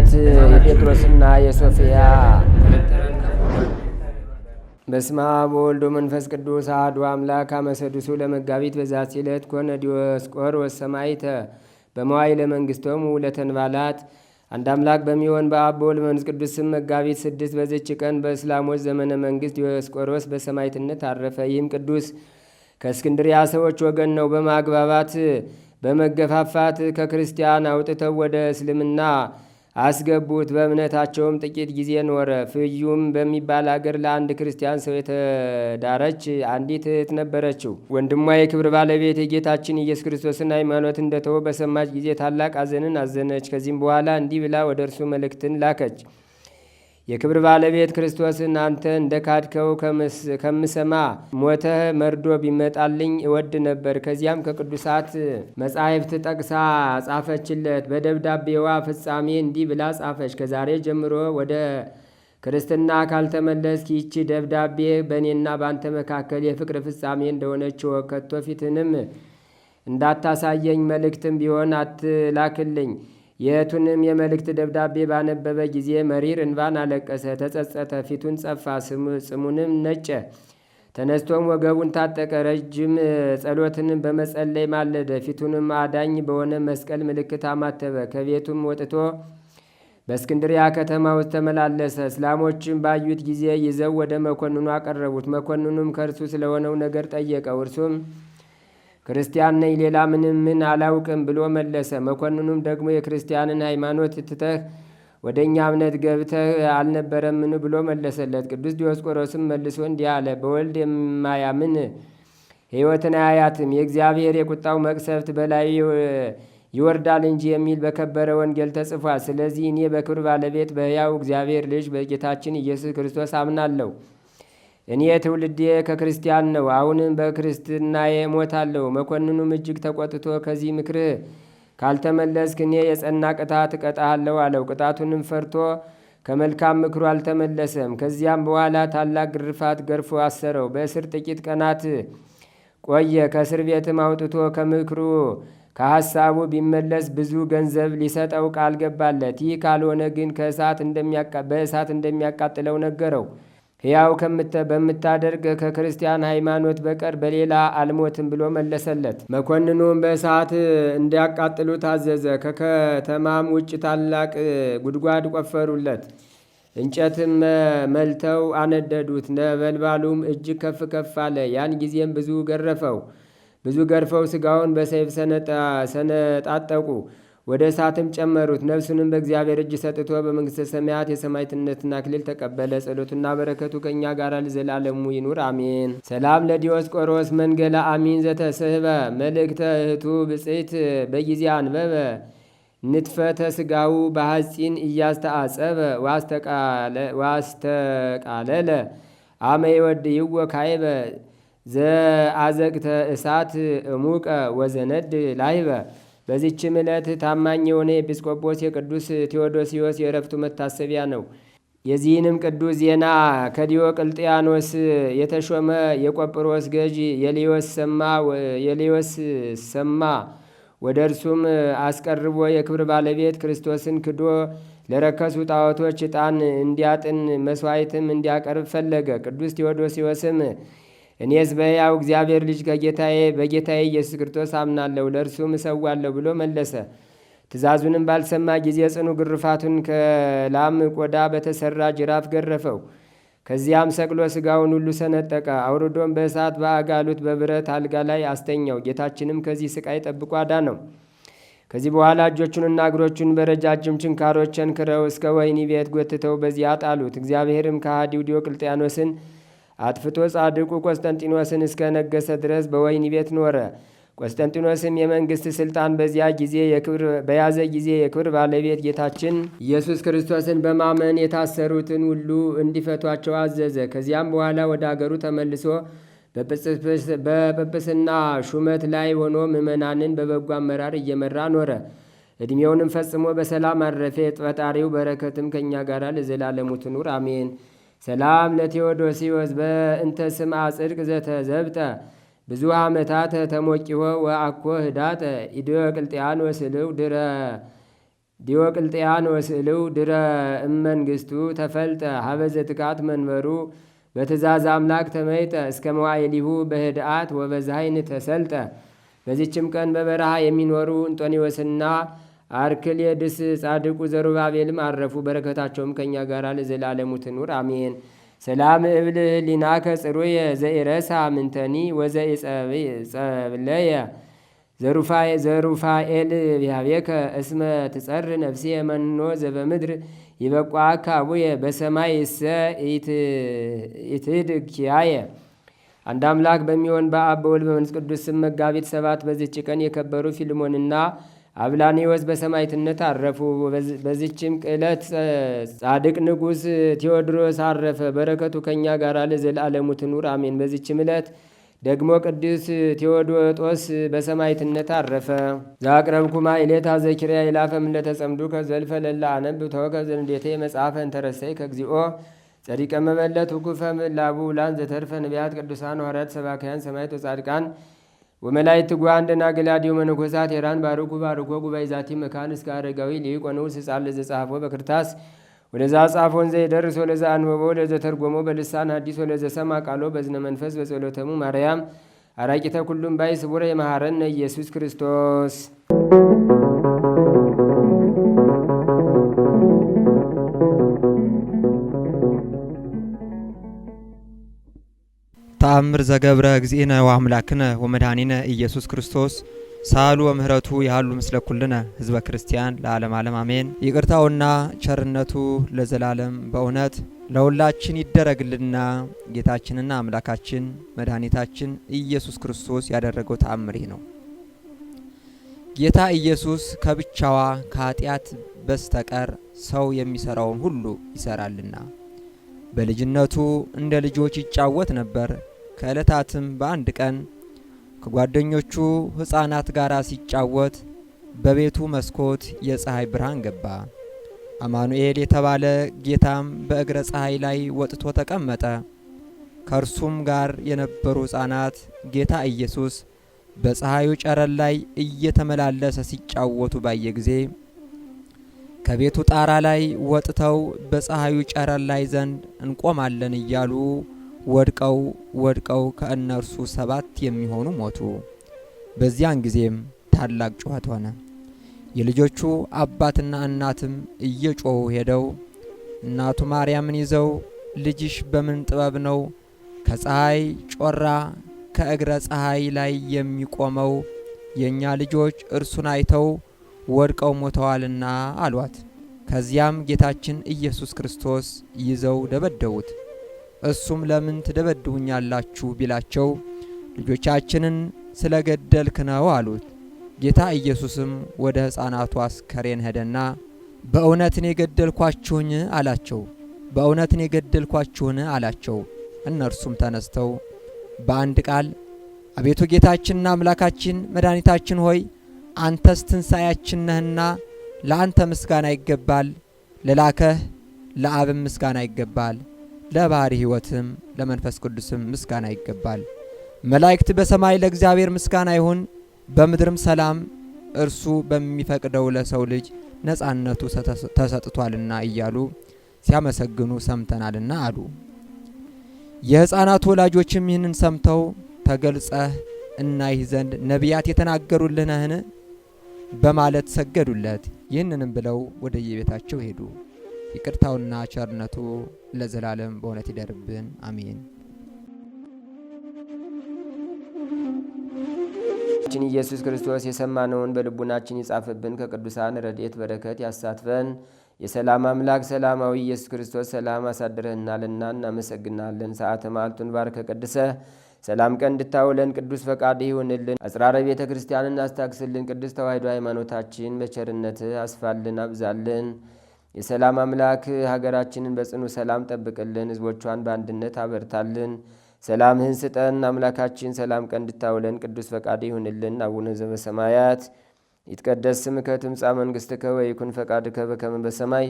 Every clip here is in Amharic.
በረከት የጴጥሮስና የሶፊያ በስማ በወልዶ መንፈስ ቅዱስ አሐዱ አምላክ አመሰዱሱ ለመጋቢት በዛት ዕለት ኮነ ዲዮስቆሮስ ወሰማይተ በመዋዕለ መንግሥቶሙ ለተንባላት አንድ አምላክ በሚሆን በአብ በወልድ በመንፈስ ቅዱስ ስም መጋቢት ስድስት በዝች ቀን በእስላሞች ዘመነ መንግስት ዲዮስቆሮስ በሰማይትነት አረፈ። ይህም ቅዱስ ከእስክንድሪያ ሰዎች ወገን ነው። በማግባባት በመገፋፋት ከክርስቲያን አውጥተው ወደ እስልምና አስገቡት። በእምነታቸውም ጥቂት ጊዜ ኖረ። ፍዩም በሚባል አገር ለአንድ ክርስቲያን ሰው የተዳረች አንዲት እህት ነበረችው። ወንድሟ የክብር ባለቤት የጌታችን ኢየሱስ ክርስቶስን ሃይማኖት እንደተወ በሰማች ጊዜ ታላቅ አዘንን አዘነች። ከዚህም በኋላ እንዲህ ብላ ወደ እርሱ መልእክትን ላከች። የክብር ባለቤት ክርስቶስን አንተ እንደ ካድከው ከምሰማ ሞተህ መርዶ ቢመጣልኝ እወድ ነበር። ከዚያም ከቅዱሳት መጻሕፍት ጠቅሳ ጻፈችለት። በደብዳቤዋ ፍጻሜ እንዲህ ብላ ጻፈች። ከዛሬ ጀምሮ ወደ ክርስትና ካልተመለስክ ይቺ ደብዳቤ በእኔና በአንተ መካከል የፍቅር ፍጻሜ እንደሆነች እወቅ። ከቶ ፊትንም እንዳታሳየኝ መልእክትም ቢሆን አትላክልኝ። የቱንም የመልእክት ደብዳቤ ባነበበ ጊዜ መሪር እንባን አለቀሰ፣ ተጸጸተ፣ ፊቱን ጸፋ፣ ጽሙንም ነጨ። ተነስቶም ወገቡን ታጠቀ፣ ረጅም ጸሎትንም በመጸለይ ማለደ። ፊቱንም አዳኝ በሆነ መስቀል ምልክት አማተበ። ከቤቱም ወጥቶ በእስክንድሪያ ከተማ ውስጥ ተመላለሰ። እስላሞችን ባዩት ጊዜ ይዘው ወደ መኮንኑ አቀረቡት። መኮንኑም ከእርሱ ስለሆነው ነገር ጠየቀው። እርሱም ክርስቲያን ነኝ፣ ሌላ ምንም ምን አላውቅም ብሎ መለሰ። መኮንኑም ደግሞ የክርስቲያንን ሃይማኖት ትተህ ወደ እኛ እምነት ገብተህ አልነበረምን ብሎ መለሰለት። ቅዱስ ዲዮስቆሮስም መልሶ እንዲህ አለ፣ በወልድ የማያምን ሕይወትን አያያትም፣ የእግዚአብሔር የቁጣው መቅሰፍት በላዩ ይወርዳል እንጂ የሚል በከበረ ወንጌል ተጽፏል። ስለዚህ እኔ በክብር ባለቤት በሕያው እግዚአብሔር ልጅ በጌታችን ኢየሱስ ክርስቶስ አምናለሁ። እኔ ትውልዴ ከክርስቲያን ነው፣ አሁንም በክርስትናዬ እሞታለሁ። መኮንኑም እጅግ ተቆጥቶ ከዚህ ምክርህ ካልተመለስክ እኔ የጸና ቅጣት እቀጣሃለሁ አለው። ቅጣቱንም ፈርቶ ከመልካም ምክሩ አልተመለሰም። ከዚያም በኋላ ታላቅ ግርፋት ገርፎ አሰረው። በእስር ጥቂት ቀናት ቆየ። ከእስር ቤትም አውጥቶ ከምክሩ ከሐሳቡ ቢመለስ ብዙ ገንዘብ ሊሰጠው ቃል ገባለት። ይህ ካልሆነ ግን በእሳት እንደሚያቃጥለው ነገረው። ሕያው በምታደርግ ከክርስቲያን ሃይማኖት በቀር በሌላ አልሞትም ብሎ መለሰለት። መኮንኑም በእሳት እንዲያቃጥሉ ታዘዘ። ከከተማም ውጭ ታላቅ ጉድጓድ ቆፈሩለት፣ እንጨትም መልተው አነደዱት። ነበልባሉም እጅግ ከፍ ከፍ አለ። ያን ጊዜም ብዙ ገረፈው ብዙ ገርፈው ስጋውን በሰይፍ ሰነጣጠቁ። ወደ እሳትም ጨመሩት። ነፍሱንም በእግዚአብሔር እጅ ሰጥቶ በመንግሥተ ሰማያት የሰማይትነትና አክሊል ተቀበለ። ጸሎቱና በረከቱ ከእኛ ጋር ለዘላለሙ ይኑር አሜን። ሰላም ለዲዮስቆሮስ መንገላ አሚን ዘተስህበ መልእክተ እህቱ ብጽት በጊዜ አንበበ ንትፈተ ስጋው በሐፂን እያስተአጸበ ዋስተቃለለ አመ ይወ ካይበ ዘአዘግተ እሳት እሙቀ ወዘነድ ላይበ በዚችም ዕለት ታማኝ የሆነ ኤጲስቆጶስ የቅዱስ ቴዎዶሲዮስ የእረፍቱ መታሰቢያ ነው። የዚህንም ቅዱስ ዜና ከዲዮቅልጥያኖስ የተሾመ የቆጵሮስ ገዥ የሌዎስ ሰማ የሌዎስ ሰማ ወደ እርሱም አስቀርቦ የክብር ባለቤት ክርስቶስን ክዶ ለረከሱ ጣዖቶች ዕጣን እንዲያጥን መስዋዕትም እንዲያቀርብ ፈለገ። ቅዱስ ቴዎዶሲዮስም እኔስ በሕያው እግዚአብሔር ልጅ ከጌታዬ በጌታዬ ኢየሱስ ክርስቶስ አምናለሁ፣ ለእርሱም እሰዋለሁ ብሎ መለሰ። ትእዛዙንም ባልሰማ ጊዜ ጽኑ ግርፋቱን ከላም ቆዳ በተሰራ ጅራፍ ገረፈው። ከዚያም ሰቅሎ ስጋውን ሁሉ ሰነጠቀ። አውርዶም በእሳት በአጋሉት በብረት አልጋ ላይ አስተኛው። ጌታችንም ከዚህ ስቃይ ጠብቆ ነው። ከዚህ በኋላ እጆቹንና እግሮቹን በረጃጅም ችንካሮች ቸንክረው እስከ ወህኒ ቤት ጎትተው በዚያ ጣሉት። እግዚአብሔርም ከሃዲው ዲዮቅልጥያኖስን አጥፍቶ ጻድቁ ቆስጠንጢኖስን እስከ ነገሰ ድረስ በወይኒ ቤት ኖረ። ቆስጠንጢኖስም የመንግስት ስልጣን በዚያ ጊዜ የክብር በያዘ ጊዜ የክብር ባለቤት ጌታችን ኢየሱስ ክርስቶስን በማመን የታሰሩትን ሁሉ እንዲፈቷቸው አዘዘ። ከዚያም በኋላ ወደ አገሩ ተመልሶ በጵጵስና ሹመት ላይ ሆኖ ምዕመናንን በበጎ አመራር እየመራ ኖረ። ዕድሜውንም ፈጽሞ በሰላም አረፈ። ፈጣሪው በረከትም ከእኛ ጋር ለዘላለሙ ትኑር አሜን። ሰላም ለቴዎዶሲዎስ በእንተ አጽድቅ ዘተ ዘብጠ ብዙ ዓመታት ተሞቂወ ወአኮ ህዳጠ ኢዲዮቅልጥያን ወስልው ድረ ዲዮቅልጥያን ወስልው ድረ እመንግስቱ ተፈልጠ ሀበዘ ጥቃት መንበሩ በትእዛዝ አምላክ ተመይጠ እስከ መዋይሊሁ በህድአት ወበዛይን ተሰልጠ። በዚችም ቀን በበረሃ የሚኖሩ እንጦኒዎስና አርክሌድስ ጻድቁ ዘሩባቤልም አረፉ። በረከታቸውም ከእኛ ጋር ለዘላለሙ ትኑር አሜን። ሰላም እብል ሊና ጽሩየ ዘኢረሳ ምንተኒ ጸብለየ ዘሩፋኤል ቢያቤከ እስመ ትጸር ነፍሴ የመኖ ዘበምድር ይበቋ አካቡየ በሰማይ እሰ ኢትድኪያየ አንድ አምላክ በሚሆን በአብ በወልድ በመንፈስ ቅዱስ ስም መጋቢት ሰባት በዚህች ቀን የከበሩ ፊልሞንና አብላኒዎስ በሰማይትነት አረፉ። በዚችም ዕለት ጻድቅ ንጉሥ ቴዎድሮስ አረፈ። በረከቱ ከእኛ ጋር ለዘላለሙ ትኑር አሜን። በዚችም ዕለት ደግሞ ቅዱስ ቴዎዶጦስ በሰማይትነት አረፈ። ዛቅረብኩማ ኢሌታ ዘኪርያ ይላፈም እንደተጸምዱ ከዘልፈ ለላ አነብ ተወከዘንዴቴ መጽሐፈን ተረሰይ ከግዚኦ ጸዲቀ መበለት ውኩፈም ላቡ ላን ዘተርፈ ነቢያት ቅዱሳን ሐዋርያት ሰባካያን ሰማይት ወጻድቃን ወመላእክት ጉሃን ደናግል አዲው መነኮሳት ሄራን ባርኩ ባርኮ ጉባኤ ዛቲ መካን እስከ አረጋዊ ሊቆነው ስጻል ለዘጻፎ በክርታስ ወደዛ ጻፎን ዘይደርስ ወለዛ አንበቦ ለዘ ተርጎሞ በልሳን አዲስ ወለዘ ሰማ ቃሎ በዝነ መንፈስ በጸሎተሙ ማርያም አራቂተ ኩሉም ባይ ስቡረ የመሐረነ ኢየሱስ ክርስቶስ ተአምር ዘገብረ እግዚእነ ወአምላክነ ወመድኃኒነ ኢየሱስ ክርስቶስ ሳሉ ወምህረቱ ያሉ ምስለ ኩልነ ህዝበ ክርስቲያን ለዓለም ዓለም አሜን። ይቅርታውና ቸርነቱ ለዘላለም በእውነት ለሁላችን ይደረግልና ጌታችንና አምላካችን መድኃኒታችን ኢየሱስ ክርስቶስ ያደረገው ተአምር ይህ ነው። ጌታ ኢየሱስ ከብቻዋ ከኃጢአት በስተቀር ሰው የሚሰራውን ሁሉ ይሰራልና በልጅነቱ እንደ ልጆች ይጫወት ነበር። ከዕለታትም በአንድ ቀን ከጓደኞቹ ሕፃናት ጋር ሲጫወት በቤቱ መስኮት የፀሐይ ብርሃን ገባ። አማኑኤል የተባለ ጌታም በእግረ ፀሐይ ላይ ወጥቶ ተቀመጠ። ከእርሱም ጋር የነበሩ ሕፃናት ጌታ ኢየሱስ በፀሐዩ ጨረር ላይ እየተመላለሰ ሲጫወቱ ባየ ጊዜ ከቤቱ ጣራ ላይ ወጥተው በፀሐዩ ጨረር ላይ ዘንድ እንቆማለን እያሉ ወድቀው ወድቀው ከእነርሱ ሰባት የሚሆኑ ሞቱ። በዚያን ጊዜም ታላቅ ጩኸት ሆነ። የልጆቹ አባትና እናትም እየጮኹ ሄደው እናቱ ማርያምን ይዘው ልጅሽ በምን ጥበብ ነው ከፀሐይ ጮራ ከእግረ ፀሐይ ላይ የሚቆመው? የእኛ ልጆች እርሱን አይተው ወድቀው ሞተዋልና አሏት። ከዚያም ጌታችን ኢየሱስ ክርስቶስ ይዘው ደበደቡት። እሱም ለምን ትደበድቡኛላችሁ ቢላቸው ልጆቻችንን ስለ ገደልክ ነው አሉት። ጌታ ኢየሱስም ወደ ሕፃናቱ አስከሬን ሄደና በእውነትን የገደልኳችሁን አላቸው በእውነትን የገደልኳችሁን አላቸው። እነርሱም ተነስተው በአንድ ቃል አቤቱ ጌታችንና አምላካችን መድኃኒታችን ሆይ አንተስ ትንሣያችን ነህና ለአንተ ምስጋና ይገባል፣ ለላከህ ለአብም ምስጋና ይገባል ለባሕሪ ሕይወትም ለመንፈስ ቅዱስም ምስጋና ይገባል። መላእክት በሰማይ ለእግዚአብሔር ምስጋና ይሁን፣ በምድርም ሰላም እርሱ በሚፈቅደው ለሰው ልጅ ነጻነቱ ተሰጥቷልና እያሉ ሲያመሰግኑ ሰምተናልና አሉ። የሕፃናት ወላጆችም ይህንን ሰምተው ተገልጸህ እናይህ ዘንድ ነቢያት የተናገሩልህ ነህን በማለት ሰገዱለት። ይህንንም ብለው የቤታቸው ሄዱ። ይቅርታውና ቸርነቱ ለዘላለም በእውነት ይደርብን፣ አሜን። ችን ኢየሱስ ክርስቶስ የሰማነውን በልቡናችን ይጻፍብን፣ ከቅዱሳን ረድኤት በረከት ያሳትፈን። የሰላም አምላክ ሰላማዊ ኢየሱስ ክርስቶስ ሰላም አሳድረህናልና እናመሰግናለን። ሰዓተ ማልቱን ባርከ ቀድሰ ሰላም ቀን እንድታውለን ቅዱስ ፈቃድ ይሁንልን። አጽራረ ቤተ ክርስቲያንን አስታክስልን። ቅዱስ ተዋሕዶ ሃይማኖታችን በቸርነት አስፋልን፣ አብዛልን የሰላም አምላክ ሀገራችንን በጽኑ ሰላም ጠብቅልን፣ ህዝቦቿን በአንድነት አበርታልን፣ ሰላምህን ስጠን። አምላካችን ሰላም ቀን እንድታውለን ቅዱስ ፈቃድ ይሁንልን። አቡነ ዘበሰማያት ይትቀደስ ስምከ ትምጻእ መንግሥትከ ወይኩን ፈቃድከ በከመ በሰማይ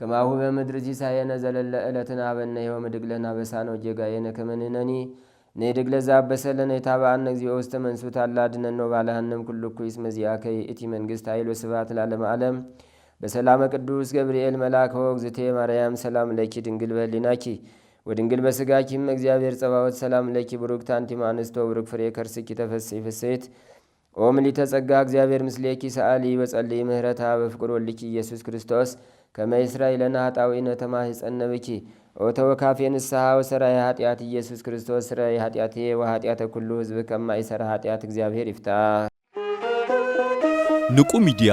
ከማሁ በምድር ሲሳየነ ዘለለ ዕለትነ ሀበነ ዮም ወኅድግ ለነ አበሳነ ወጌጋየነ ከመ ንሕነኒ ንኅድግ ለዘአበሰለነ የታብአነ እግዚኦ ውስተ መንሱት አላ አድኅነነ ወባልሐነ እም ኩሉ እኩይ እስመ ዚአከ ይእቲ መንግሥት ኃይል ወስብሐት ለዓለመ ዓለም በሰላመ ቅዱስ ገብርኤል መልአክ ወግዝቴ ማርያም ሰላም ለኪ ድንግል በሊናኪ ወድንግል በስጋኪም እግዚአብሔር ጸባወት ሰላም ለኪ ብሩክት አንቲ እምአንስቶ ብሩክ ፍሬ ከርስኪ ተፈሴ ፍሴት ኦም ሊተጸጋ እግዚአብሔር ምስሌኪ ሰአሊ በጸልይ ምህረታ በፍቅር ወልኪ ኢየሱስ ክርስቶስ ከመ ይሥራይ ለነ ኃጣውኢነ ተማኅፀነ ብኪ ኦ ተወካፌ ንስሓ ወሰራይ ኃጢአት ኢየሱስ ክርስቶስ ስራይ ኃጢአቴ ወኃጢአተ ኩሉ ህዝብ ከማይሰራ ኃጢአት እግዚአብሔር ይፍታ። ንቁ ሚዲያ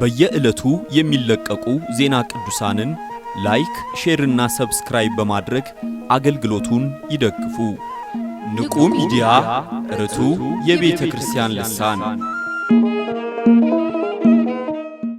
በየዕለቱ የሚለቀቁ ዜና ቅዱሳንን ላይክ፣ ሼርና ሰብስክራይብ በማድረግ አገልግሎቱን ይደግፉ። ንቁ ሚዲያ ርቱ የቤተ ክርስቲያን ልሳን